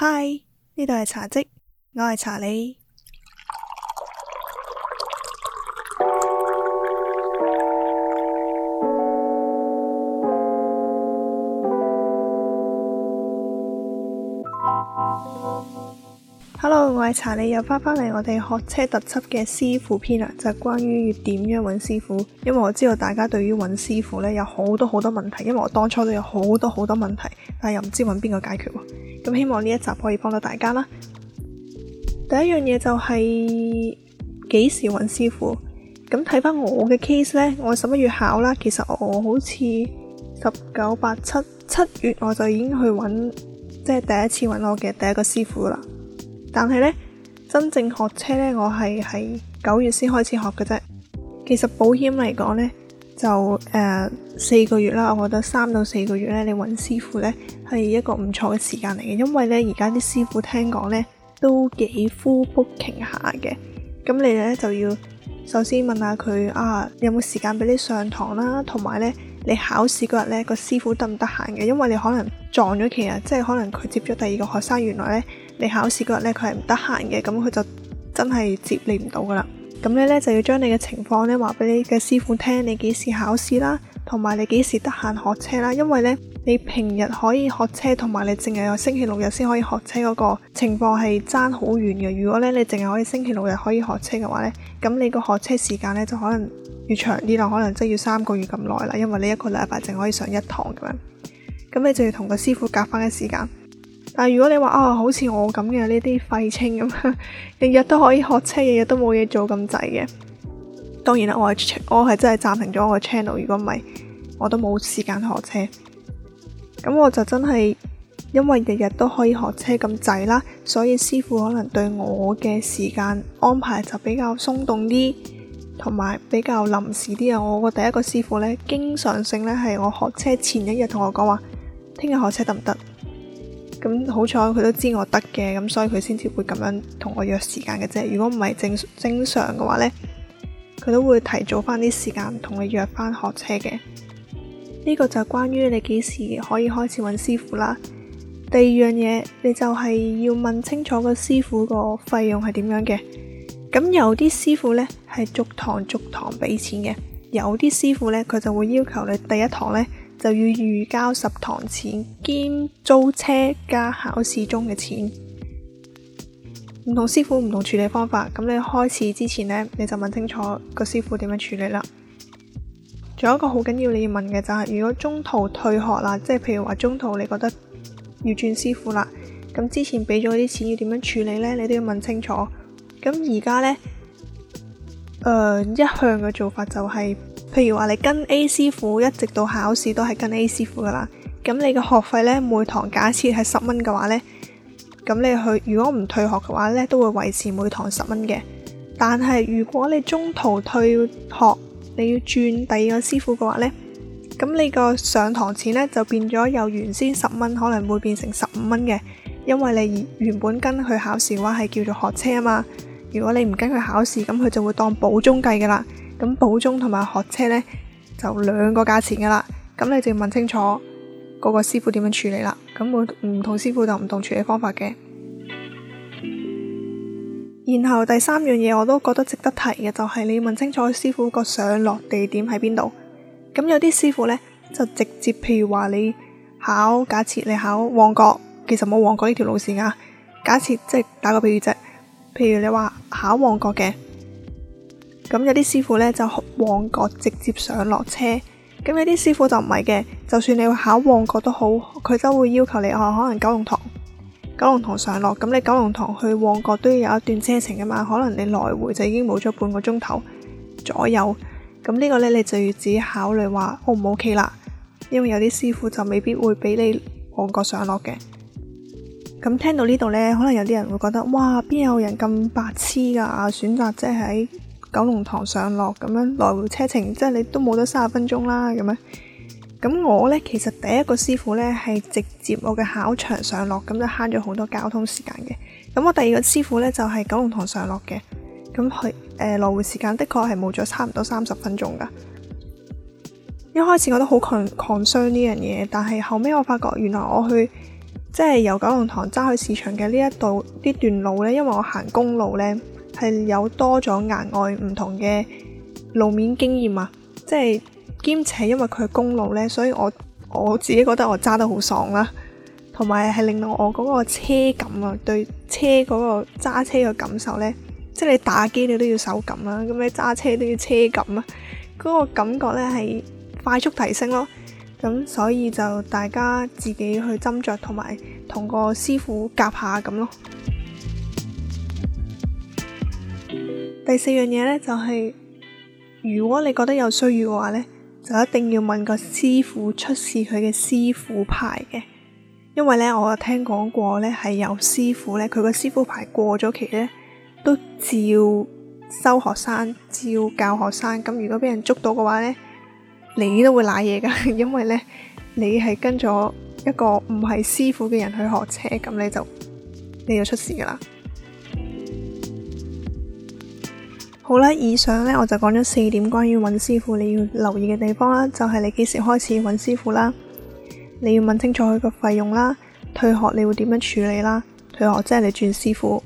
嗨，呢度係茶迹，我係查理。hello，我係查理，又返返嚟我哋學車特輯嘅師傅篇啦，就係關於要點樣搵師傅。因為我知道大家對於揾師傅呢有好多好多問題，因為我當初都有好多好多問題，但係又唔知揾邊個解決。咁希望呢一集可以幫到大家啦。第一樣嘢就係幾時揾師傅。咁睇翻我嘅 case 呢，我十一月考啦，其實我好似十九八七七月我就已經去揾，即係第一次揾我嘅第一個師傅啦。但係呢，真正學車呢，我係喺九月先開始學嘅啫。其實保險嚟講呢，就誒。呃四個月啦，我覺得三到四個月咧，你揾師傅呢係一個唔錯嘅時間嚟嘅，因為呢，而家啲師傅聽講呢都幾 full book 下嘅。咁你咧就要首先問下佢啊，有冇時間俾你上堂啦，同埋呢，你考試嗰日呢個師傅得唔得閒嘅？因為你可能撞咗期啊，即係可能佢接咗第二個學生，原來呢，你考試嗰日呢，佢係唔得閒嘅，咁佢就真係接你唔到噶啦。咁你呢，就要將你嘅情況呢話俾你嘅師傅聽你，你幾時考試啦？同埋你幾時得閒學車啦？因為呢，你平日可以學車，同埋你淨係有星期六日先可以學車嗰個情況係爭好遠嘅。如果咧你淨係可以星期六日可以學車嘅話呢，咁你個學車時間呢，就可能要長啲啦，可能即係要三個月咁耐啦。因為你一個禮拜淨可以上一堂咁樣，咁你就要同個師傅夾翻一時間。但係如果你話哦，好似我咁嘅呢啲廢青咁，日 日都可以學車，日日都冇嘢做咁滯嘅。當然啦，我係我係真係暫停咗我個 channel。如果唔係，我都冇時間學車。咁我就真係因為日日都可以學車咁滯啦，所以師傅可能對我嘅時間安排就比較鬆動啲，同埋比較臨時啲啊。我個第一個師傅呢，經常性呢係我學車前一日同我講話，聽日學車得唔得？咁好彩佢都知我得嘅，咁所以佢先至會咁樣同我約時間嘅啫。如果唔係正正常嘅話呢。佢都會提早翻啲時間同你約翻學車嘅。呢個就關於你幾時可以開始揾師傅啦。第二樣嘢，你就係要問清楚個師傅個費用係點樣嘅。咁有啲師傅呢係逐堂逐堂俾錢嘅，有啲師傅呢，佢就會要求你第一堂呢就要預交十堂錢，兼租車加考試中嘅錢。唔同師傅唔同處理方法，咁你開始之前呢，你就問清楚個師傅點樣處理啦。仲有一個好緊要你要問嘅就係，如果中途退學啦，即係譬如話中途你覺得要轉師傅啦，咁之前俾咗啲錢要點樣處理呢？你都要問清楚。咁而家呢，誒、呃、一向嘅做法就係，譬如話你跟 A 師傅一直到考試都係跟 A 師傅噶啦，咁你嘅學費呢，每堂假設係十蚊嘅話呢。咁你去如果唔退學嘅話咧，都會維持每堂十蚊嘅。但係如果你中途退學，你要轉第二個師傅嘅話咧，咁你個上堂錢咧就變咗由原先十蚊可能會變成十五蚊嘅，因為你原本跟佢考試嘅話係叫做學車啊嘛。如果你唔跟佢考試，咁佢就會當補鐘計噶啦。咁補鐘同埋學車咧就兩個價錢噶啦，咁你就要問清楚。個個師傅點樣處理啦？咁我唔同師傅就唔同處理方法嘅。然後第三樣嘢我都覺得值得提嘅，就係、是、你要問清楚師傅個上落地點喺邊度。咁有啲師傅呢，就直接，譬如話你考假設你考旺角，其實冇旺角呢條路線㗎。假設即係、就是、打個比喻啫，譬如你話考旺角嘅，咁有啲師傅呢，就旺角直接上落車。咁你啲師傅就唔係嘅，就算你去考旺角都好，佢都會要求你，我可能九龍塘、九龍塘上落，咁你九龍塘去旺角都要有一段車程㗎嘛，可能你來回就已經冇咗半個鐘頭左右。咁呢個呢，你就要自己考慮話好唔好 OK 啦。因為有啲師傅就未必會俾你旺角上落嘅。咁聽到呢度呢，可能有啲人會覺得，哇，邊有人咁白痴㗎，啊？選擇即係。九龍塘上落咁樣來回車程，即係你都冇咗三十分鐘啦，咁樣咁我呢，其實第一個師傅呢係直接我嘅考場上落，咁就慳咗好多交通時間嘅。咁我第二個師傅呢，就係九龍塘上落嘅，咁去誒來回時間的確係冇咗差唔多三十分鐘噶。一開始我都好抗抗傷呢樣嘢，one, 但係後尾我發覺原來我去即係由九龍塘揸去市場嘅呢一度呢段路呢，因為我行公路呢。係有多咗額外唔同嘅路面經驗啊！即係兼且因為佢公路咧，所以我我自己覺得我揸得好爽啦，同埋係令到我嗰個車感啊，對車嗰個揸車嘅感受咧，即係你打機你都要手感啊，咁你揸車都要車感啊！嗰個感覺咧係快速提升咯，咁所以就大家自己去斟酌同埋同個師傅夾下咁咯。第四樣嘢咧，就係如果你覺得有需要嘅話咧，就一定要問個師傅出示佢嘅師傅牌嘅。因為咧，我聽講過咧，係有師傅咧，佢個師傅牌過咗期咧，都照收學生，照教學生。咁如果俾人捉到嘅話咧，你都會瀨嘢噶，因為咧，你係跟咗一個唔係師傅嘅人去學車，咁你就你就出事噶啦。好啦，以上呢，我就講咗四點關於揾師傅你要留意嘅地方啦，就係你幾時開始揾師傅啦，你要問清楚佢個費用啦，退學你會點樣處理啦，退學即係你轉師傅。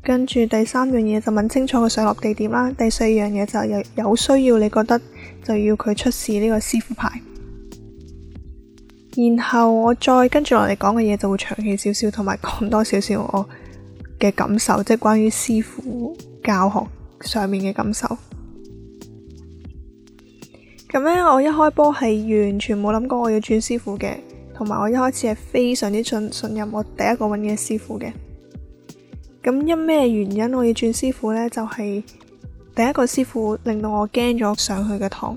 跟住第三樣嘢就問清楚佢上落地點啦，第四樣嘢就有需要，你覺得就要佢出示呢個師傅牌。然後我再跟住落嚟講嘅嘢就會長氣少少，同埋講多少少我嘅感受，即係關於師傅教學。上面嘅感受，咁呢，我一開波係完全冇諗過我要轉師傅嘅，同埋我一開始係非常之信信任我第一個揾嘅師傅嘅。咁因咩原因我要轉師傅呢？就係第一個師傅令到我驚咗上去嘅堂。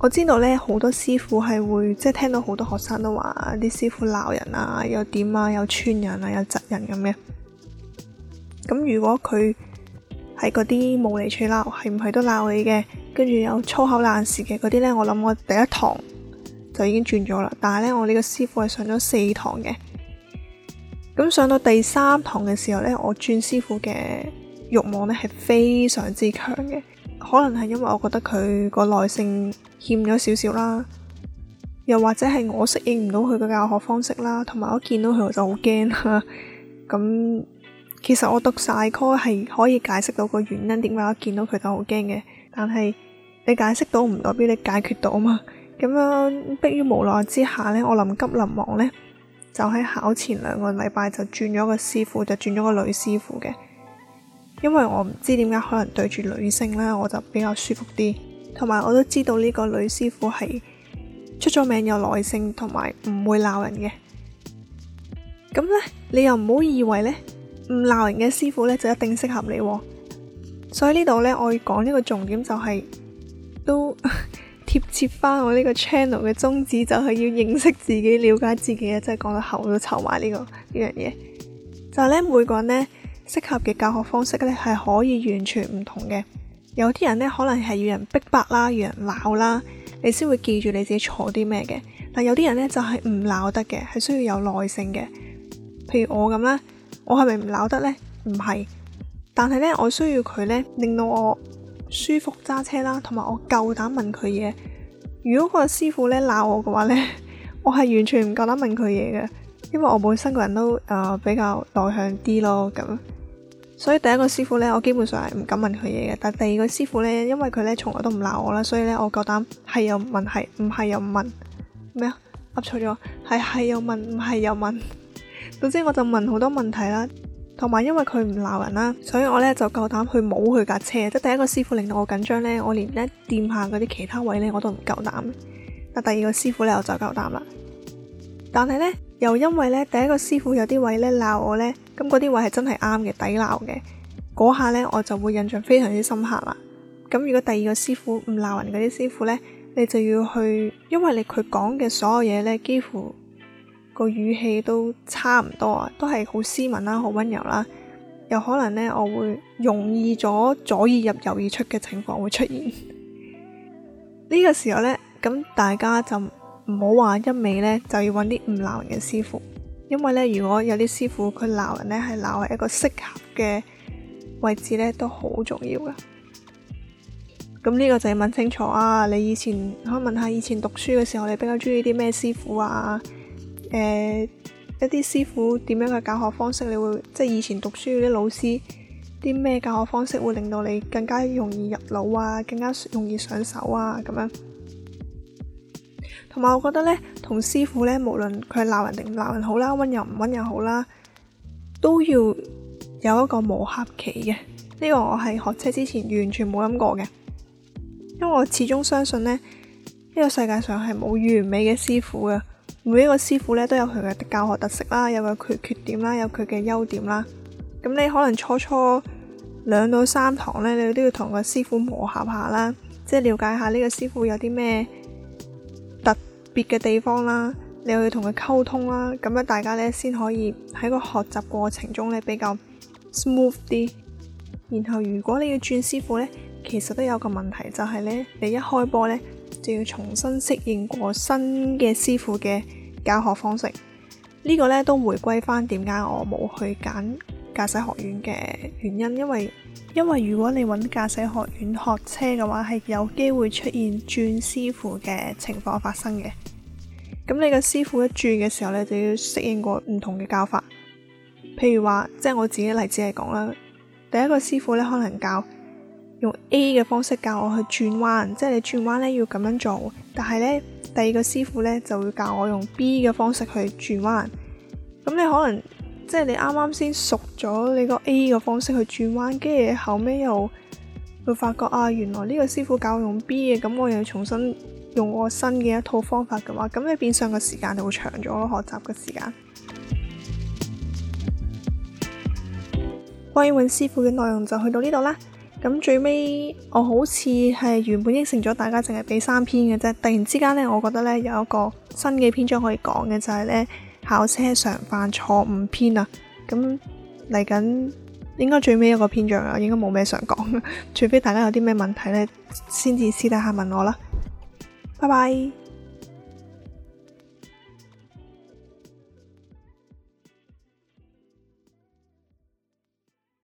我知道呢，好多師傅係會即係聽到好多學生都話啲師傅鬧人啊，又點啊，又串人啊，又窒人咁嘅。咁如果佢係嗰啲無理取鬧，係唔係都鬧你嘅？跟住有粗口爛事嘅嗰啲呢，我諗我第一堂就已經轉咗啦。但係呢，我呢個師傅係上咗四堂嘅。咁上到第三堂嘅時候呢，我轉師傅嘅欲望呢係非常之強嘅。可能係因為我覺得佢個耐性欠咗少少啦，又或者係我適應唔到佢嘅教學方式啦，同埋我見到佢我就好驚啦。咁。 其實我讀曬科係可以解釋到個原因，點解我見到佢就好驚嘅，但係你解釋到唔代表你解決到嘛。咁樣迫於無奈之下呢，我臨急臨忙呢，就喺考前兩個禮拜就轉咗個師傅，就轉咗個女師傅嘅，因為我唔知點解可能對住女性啦，我就比較舒服啲，同埋我都知道呢個女師傅係出咗名有耐性，同埋唔會鬧人嘅。咁呢，你又唔好以為呢。唔鬧人嘅師傅咧，就一定適合你啊。所以呢度咧，我要講一個重點，就是，就係都貼 切翻我呢個 channel 嘅宗旨，就係、是、要認識自己，了解自己啊！真係講到口都臭埋呢個呢樣嘢，就咧、是、每個人咧適合嘅教學方式咧係可以完全唔同嘅。有啲人咧可能係要人逼迫啦，要人鬧啦，你先會記住你自己坐啲咩嘅。但有啲人咧就係唔鬧得嘅，係需要有耐性嘅。譬如我咁啦。我係咪唔鬧得呢？唔係，但係呢，我需要佢呢令到我舒服揸車啦，同埋我夠膽問佢嘢。如果嗰個師傅呢鬧我嘅話呢，我係完全唔夠膽問佢嘢嘅，因為我本身個人都誒、呃、比較內向啲咯咁。所以第一個師傅呢，我基本上係唔敢問佢嘢嘅。但第二個師傅呢，因為佢呢從來都唔鬧我啦，所以呢，我夠膽係又問係，唔係又問咩啊？噏錯咗，係係又問，唔係又問。總之我就問好多問題啦，同埋因為佢唔鬧人啦，所以我咧就夠膽去摸佢架車。即第一個師傅令到我緊張呢，我連咧掂下嗰啲其他位呢我都唔夠膽。但第二個師傅呢，我就夠膽啦。但係呢，又因為呢第一個師傅有啲位呢鬧我呢，咁嗰啲位係真係啱嘅、抵鬧嘅，嗰下呢，我就會印象非常之深刻啦。咁如果第二個師傅唔鬧人嗰啲師傅呢，你就要去，因為你佢講嘅所有嘢呢幾乎。個語氣都差唔多啊，都係好斯文啦，好溫柔啦。有可能呢，我會容易咗左耳入右耳出嘅情況會出現。呢 個時候呢，咁大家就唔好話一味呢就要搵啲唔鬧人嘅師傅，因為呢，如果有啲師傅佢鬧人呢係鬧喺一個適合嘅位置呢，都好重要㗎。咁呢個就要問清楚啊。你以前可以問下以前讀書嘅時候，你比較鍾意啲咩師傅啊？誒、呃，一啲師傅點樣嘅教學方式，你會即係以前讀書啲老師啲咩教學方式會令到你更加容易入腦啊，更加容易上手啊，咁樣。同埋我覺得呢，同師傅呢，無論佢鬧人定唔鬧人好啦，溫柔唔溫柔好啦，都要有一個磨合期嘅。呢、個我係學車之前完全冇諗過嘅，因為我始終相信呢，呢、個世界上係冇完美嘅師傅嘅。每一個師傅咧都有佢嘅教學特色啦，有佢嘅缺點啦，有佢嘅優點啦。咁你可能初初兩到三堂咧，你都要同個師傅磨合下啦，即係了解下呢個師傅有啲咩特別嘅地方啦，你要同佢溝通啦，咁樣大家咧先可以喺個學習過程中咧比較 smooth 啲。然後如果你要轉師傅咧，其實都有個問題就係咧，你一開波咧。就要重新適應過新嘅師傅嘅教學方式，呢個呢都回歸返點解我冇去揀駕駛學院嘅原因，因為因為如果你揾駕駛學院學車嘅話，係有機會出現轉師傅嘅情況發生嘅。咁你個師傅一轉嘅時候呢，就要適應過唔同嘅教法。譬如話，即係我自己例子嚟講啦，第一個師傅呢，可能教，用 A 嘅方式教我去轉彎，即係你轉彎咧要咁樣做。但係咧第二個師傅咧就會教我用 B 嘅方式去轉彎。咁你可能即係你啱啱先熟咗你個 A 嘅方式去轉彎，跟住後尾又會發覺啊，原來呢個師傅教我用 B 嘅，咁我又要重新用我新嘅一套方法嘅話，咁你變相嘅時間就會長咗咯，學習嘅時間。關於揾師傅嘅內容就去到呢度啦。咁最尾我好似係原本應承咗大家淨係俾三篇嘅啫，突然之間呢，我覺得呢有一個新嘅篇章可以講嘅就係呢，考車常犯錯誤篇啊！咁嚟緊應該最尾一個篇章啊，應該冇咩想講，除非大家有啲咩問題呢，先至私底下問我啦。拜拜。